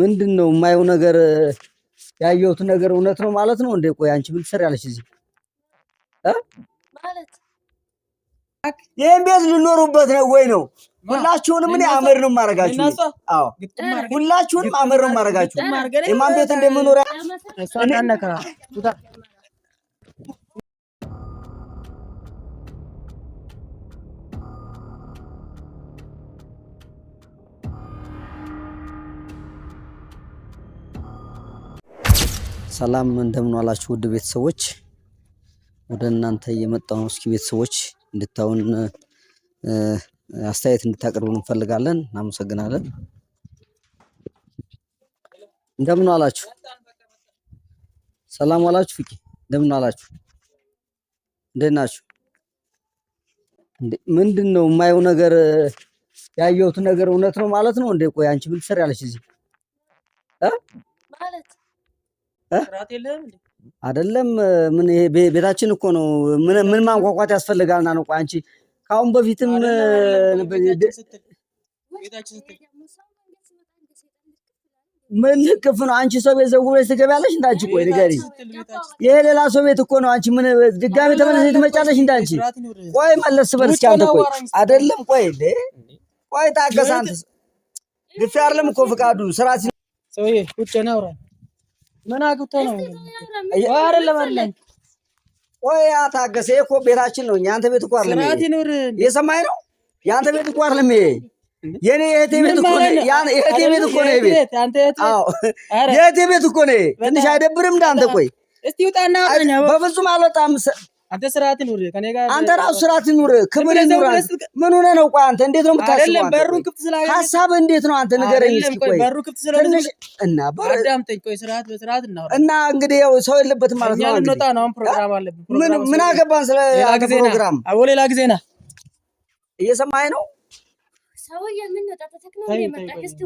ምንድን ነው የማየው ነገር ያየሁት ነገር እውነት ነው ማለት ነው እንዴ? ቆይ አንቺ ምን ትሰሪያለሽ እዚህ? ይህን ቤት ልኖሩበት ነው ወይ ነው? ሁላችሁንም እኔ አመድ ነው የማደርጋችሁ። አዎ ሁላችሁንም አመድ ነው የማደርጋችሁ። የማን ቤት እንደምኖሪያ ሰላም እንደምን ዋላችሁ ውድ ቤተሰቦች፣ ወደ እናንተ የመጣው ነው። እስኪ ቤተሰቦች እንድታዩን አስተያየት እንድታቀርቡን እንፈልጋለን። እናመሰግናለን። እንደምን ዋላችሁ፣ ሰላም ዋላችሁ። ፍቂ እንደምን ዋላችሁ፣ እንዴት ናችሁ? ምንድን ነው የማየው ነገር? ያየሁት ነገር እውነት ነው ማለት ነው እንዴ? ቆይ አንቺ ምን ትሰሪያለሽ እዚህ? አይደለም ምን ይሄ ቤታችን እኮ ነው። ምን ማንቋቋት ያስፈልጋል? ና ነቋ አንቺ ከአሁን በፊትም ምን ልክፍ ነው? አንቺ ሰው ቤት ዘው ብለሽ ትገቢያለሽ እንዳንቺ? ቆይ ንገሪ። ይሄ ሌላ ሰው ቤት እኮ ነው። አንቺ ምን ድጋሚ ተመለሰሽ ትመጫለሽ እንዳንቺ? ቆይ መለስ በል እስኪ አንተ። ቆይ አይደለም፣ ቆይ እንዴ፣ ቆይ ታገስ አንተ። ግፊ አይደለም እኮ ፍቃዱ ስራ ሲ ሰውዬ ውጭ ምን አግብቶ ነው አይደለም አይደለም ቆይ ታገሰ እኮ ቤታችን ነው። የአንተ ቤት እኮ አይደለም። የሰማይ ነው። የአንተ ቤት እኮ አይደለም። ይሄ የኔ የእህቴ ቤት እኮ ነው። የእህቴ ቤት እኮ ነው። ቤት አዎ፣ የእህቴ ቤት እኮ ነው። ትንሽ አይደብርም? እንዳንተ ቆይ፣ እስቲ በፍጹም አልወጣም አንተ ስርዓት ኑር። ከኔ ጋር አንተ ራሱ ስርዓት ኑር። ክብር ኑር። ምን ሆነ ነው? ቆይ አንተ እንዴት ነው የምታስበው? አይደለም በሩን ክፍት ስላለ ሀሳብ እንዴት ነው አንተ ንገረኝ እስኪ። ቆይ በሩ ክፍት ስላለ እና በር አዳምጠኝ። ቆይ ስርዓት በስርዓት ነው እና እንግዲህ ያው ሰው የለበትም ማለት ነው። እንወጣ ነው። አሁን ፕሮግራም አለብን። ምን ምን አገባን ስለ ፕሮግራም? አዎ ሌላ ጊዜ ና። እየሰማኸኝ ነው?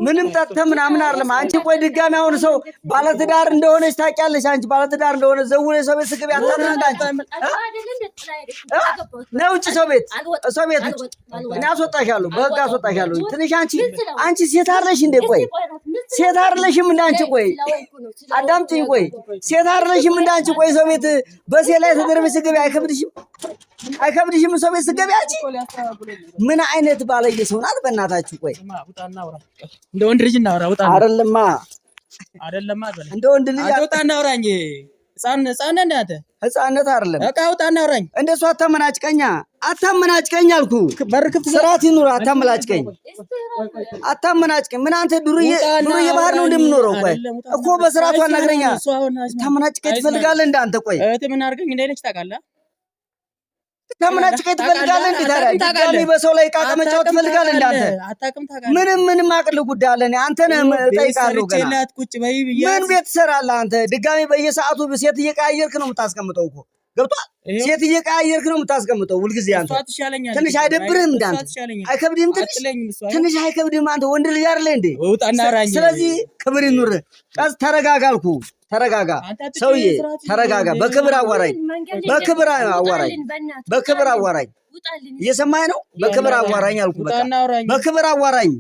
ምንም ጠጥተ ምናምን አለም አንቺ ቆይ ድጋሚ አሁን ሰው ባለትዳር እንደሆነች ታውቂያለሽ። አንቺ ባለትዳር እንደሆነ ዘውለ ሰው ቤት ስግብ ያታናንድ አንቺ ነይ ውጭ ሰው ቤት ሰው ቤት እኔ አስወጣሻለሁ፣ በህግ አስወጣሻለሁ። ትንሽ አንቺ አንቺ ሴት አለሽ እንዴ? ቆይ ሴት አይደለሽም እንዳንቺ። ቆይ አዳምጪኝ። ቆይ ሴት አይደለሽም እንዳንቺ። ቆይ ሰው ቤት በሴት ላይ ተደርበሽ ስገቢ አይከብድሽም? አይከብድሽም? ሰው ቤት ስገቢ አንቺ ምን አይነት ባለየ ሰው ናት? በእናታችሁ ቆይ እንደ ወንድ ልጅ እናውራ። ውጣ አይደለማ አይደለማ እንደ ወንድ ልጅ ውጣ እናውራኝ። ህፃንነት አይደለም። በቃ ውጣ እናውራኝ። እንደሷ አታመናጭቀኛ አታመናጭቀኝ አልኩ። በር ክፍት ስርዓት ይኑር። አታመናጭቀኝ አታመናጭቀኝ። ምን አንተ ዱርዬ ዱርዬ ባህር ነው እንደምኖረው? ቆይ እኮ በስርዓቱ አናግረኛ። ታመናጭቀኝ ትፈልጋለህ እንደ አንተ? ቆይ እህትህ ምን አድርገኝ እንዳይለች ታውቃለህ? ታመናጭቀኝ ትፈልጋለህ እንዴ? ታዲያ ድጋሜ በሰው ላይ ዕቃ ዕቃ መጫወት ትፈልጋለህ እንደ አንተ? ምንም ምንም አቅል ጉዳይ አለ። እኔ አንተ ነህ እጠይቃለሁ። ምን ቤት ትሰራለህ አንተ? ድጋሚ በየሰዓቱ ሴት እየቀያየርክ ነው የምታስቀምጠው እኮ ገብቷል። ሴት እየቀያየርክ ነው የምታስቀምጠው ሁልጊዜ። አንተ ትንሽ አይደብርህም? እንዳንተ አይከብድህም? ትንሽ ትንሽ አይከብድህም? አንተ ወንድ ልጅ አይደለ እንዴ? ስለዚህ ክብር ይኑር። ቀስ ተረጋጋ አልኩ። ተረጋጋ ሰውዬ፣ ተረጋጋ። በክብር አዋራኝ፣ በክብር አዋራኝ፣ በክብር አዋራኝ። እየሰማኸኝ ነው? በክብር አዋራኝ አልኩ። በክብር አዋራኝ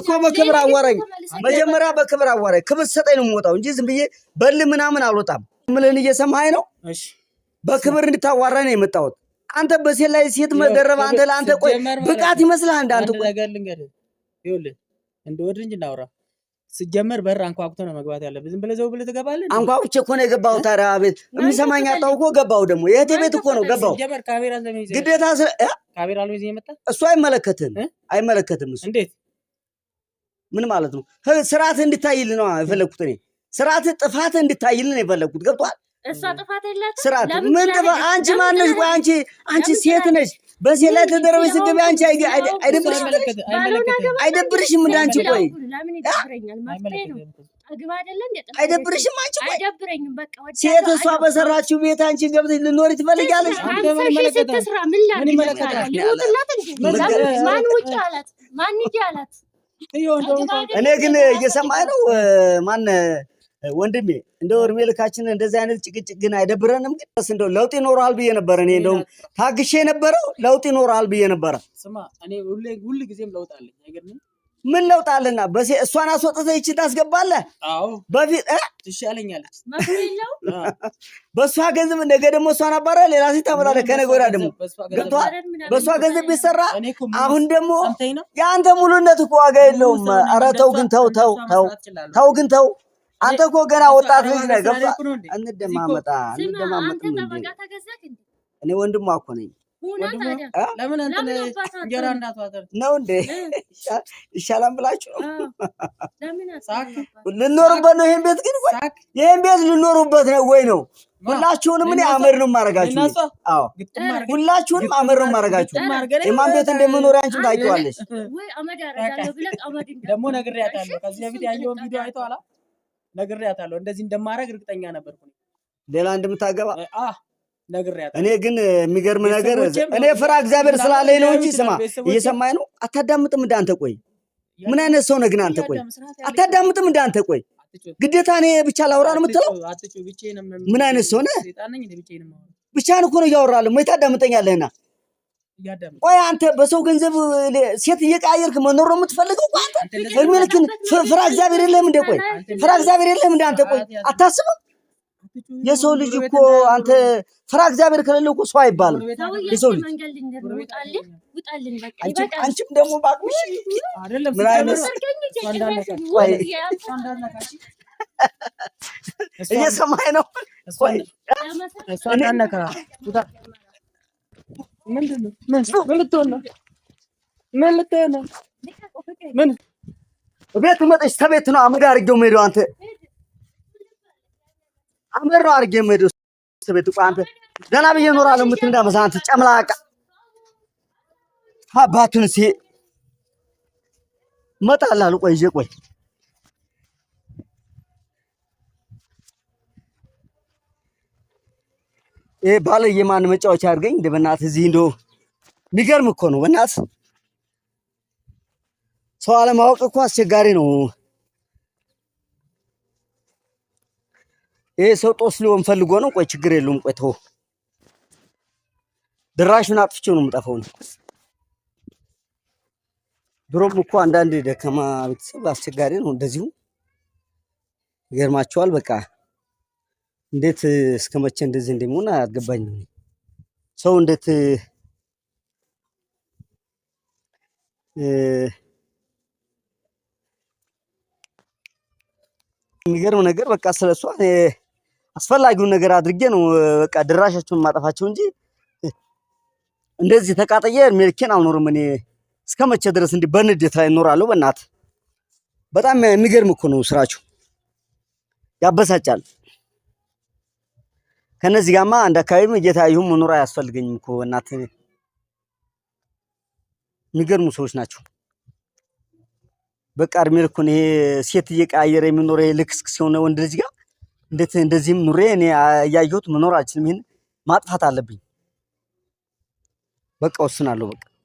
እኮ በክብር አዋራኝ። መጀመሪያ በክብር አዋራኝ። ክብር ሰጠኝ ነው የምወጣው እንጂ ዝም ብዬ በል ምናምን አልወጣም። ምልህን እየሰማኸኝ ነው? በክብር እንድታዋራ ነው የመጣሁት። አንተ በሴት ላይ ሴት መደረብ አንተ ለአንተ ቆይ ብቃት ይመስልሃል? እንደ አንተ ቆይ ነገር ልንገርህ፣ ይኸውልህ እንደ ወድ እንጂ እናውራ። ስጀመር በር አንኳኩቶ ነው መግባት ያለብህ። ዝም ብለህ ዘው ብለህ ትገባለህ። አንኳኩቼ እኮ ነው የገባሁ። ታዲያ ቤት የሚሰማኝ አጣሁ እኮ ገባሁ። ደግሞ የእህቴ ቤት እኮ ነው ገባሁ። ግዴታ ካሜራ አልሚዝ የመጣ እሱ አይመለከትም፣ አይመለከትም። እሱ እንዴት ምን ማለት ነው? ስርዓት እንድታይል ነው የፈለግኩት እኔ። ስርዓት ጥፋት እንድታይል ነው የፈለግኩት። ገብቷል እሷ ጥፋት የላት። ስርዓት ምን ጥፋት? አንቺ ማነሽ? ቆይ አንቺ አንቺ ሴት ነሽ። በሴት ላይ ተደረበች ስትገቢ አንቺ አይደብርሽም? እንደ አንቺ ቆይ አይደብርሽም? አንቺ ቆይ ሴት እሷ በሰራችው ቤት አንቺ ገብተሽ ልኖር ትፈልጊያለሽ? እኔ ግን እየሰማኸኝ ነው ማን ወንድሜ እንደ እድሜ ልካችን እንደዚህ አይነት ጭቅጭቅ ግን አይደብረንም? ግን እንደው ለውጥ ይኖረዋል ብዬ ነበረ። እኔ እንደውም ታግሼ የነበረው ለውጥ ይኖረዋል ብዬ ነበረ። ስማ እኔ ሁል ጊዜም ለውጥ አለኝ። አይገርምም? ምን ለውጥ አለና እሷን አስወጥተህ ይችን ታስገባለህ። በፊት ትሻለኛለች በእሷ ገንዘብ፣ ነገ ደግሞ እሷን አባረ ሌላ ሴት ታመጣለህ። ከነገ ወዲያ ደግሞ ገብቶሃል። በእሷ ገንዘብ ቢሰራ አሁን ደግሞ የአንተ ሙሉነት እኮ ዋጋ የለውም። ኧረ ተው ግን ተው ተው ተው ተው ግን ተው አንተ እኮ ገና ወጣት ልጅ ነህ። ገባ እንደማመጣ እንደማመጣ እኔ ወንድሟ እኮ ነኝ። ለምን እንትን እንጀራ እንዳትዋጠር ነው እንዴ? ይሻላል ብላችሁ ነው ልኖርበት ነው። ይሄን ቤት ግን ይሄን ቤት ልኖሩበት ነው ወይ ነው? ሁላችሁንም እኔ አመድ ነው የማደርጋችሁ። አዎ ሁላችሁንም አመድ ነው የማደርጋችሁ። የማን ቤት እንደምኖር አንቺም ታውቂዋለሽ። ደግሞ ነግሬያታለሁ። ከዚህ በፊት ያየውን ቪዲዮ አይተዋላ ነግሬያታለሁ። እንደዚህ እንደማደርግ እርግጠኛ ነበርኩ። ሌላ እንደምታገባ ነግሬያታለሁ። እኔ ግን የሚገርም ነገር እኔ ፍራ እግዚአብሔር ስላለኝ ነው እንጂ ስማ፣ እየሰማኝ ነው። አታዳምጥም እንዳንተ። ቆይ ምን አይነት ሰው ነህ ግን አንተ? ቆይ አታዳምጥም እንዳንተ። ቆይ ግዴታ እኔ ብቻ ላውራ ነው የምትለው? ምን አይነት ሰው ነህ? ብቻህን እኮ ነው እያወራለሁ። ታዳምጠኛለህና ቆይ አንተ በሰው ገንዘብ ሴት እየቀያየርክ መኖር ነው የምትፈልገው? ቆይ አንተ እድሜ ልክህን ፍራ እግዚአብሔር የለህም እንደ ቆይ ፍራ እግዚአብሔር የለህም እንደ አንተ ቆይ አታስብም? የሰው ልጅ እኮ አንተ ፍራ እግዚአብሔር ከሌለ እኮ ሰው አይባልም። የሰው ልጅ አንቺም ደግሞ ባቅሽ ምን አይነት እየሰማኸኝ ነው? ምን ልትሆን ነው? ምን ልትሆን ነው? ምን ቤቱ መጠች ተቤት ነው። አመድ አድርጌው የምሄደው አንተ አመድ ነው አድርጌው የምሄደው ተቤት እኮ አንተ ደህና ብዬ እኖራለሁ የምትል እንዳመሰ አንተ ጨምላቃ አባቱን ሲ መጣላለሁ። ቆይ ይዤ ቆይ ባለ የማን መጫወቻ አድርገኝ እንደ በእናት እዚህ እንደው የሚገርም እኮ ነው በእናት ሰው አለማወቅ እኮ አስቸጋሪ ነው። ይሄ ሰው ጦስ ሊሆን ፈልጎ ነው። ቆይ ችግር የለውም። ቆይ ተው ድራሹን አጥፍቼው ነው የምጠፋው። ድሮም እኮ አንዳንድ ደካማ ቤተሰብ አስቸጋሪ ነው እንደዚሁ ይገርማቸዋል በቃ እንዴት እስከመቼ እንደዚህ እንደሚሆን አልገባኝም። ሰው እንዴት የሚገርም ነገር በቃ ስለሷ አስፈላጊውን ነገር አድርጌ ነው በቃ ድራሻቸውን ማጠፋቸው እንጂ እንደዚህ ተቃጠየ ሜልኬን አልኖርም። እኔ እስከ መቼ ድረስ እንዲህ በንዴት ላይ እኖራለሁ? በእናት በጣም የሚገርም እኮ ነው ስራችሁ፣ ያበሳጫል። ከነዚህ ጋማ አንድ አካባቢም እየታዩም መኖር አያስፈልገኝም እኮ እናት። የሚገርሙ ሰዎች ናቸው። በቃ እድሜ ልኩን ይሄ ሴት እየቀያየረ የሚኖረ ልክስክ ሲሆነ ወንድ ልጅ ጋር እንዴት እንደዚህም ኑሬ እኔ እያየሁት መኖር አልችልም። ይህን ማጥፋት አለብኝ። በቃ ወስናለሁ። በቃ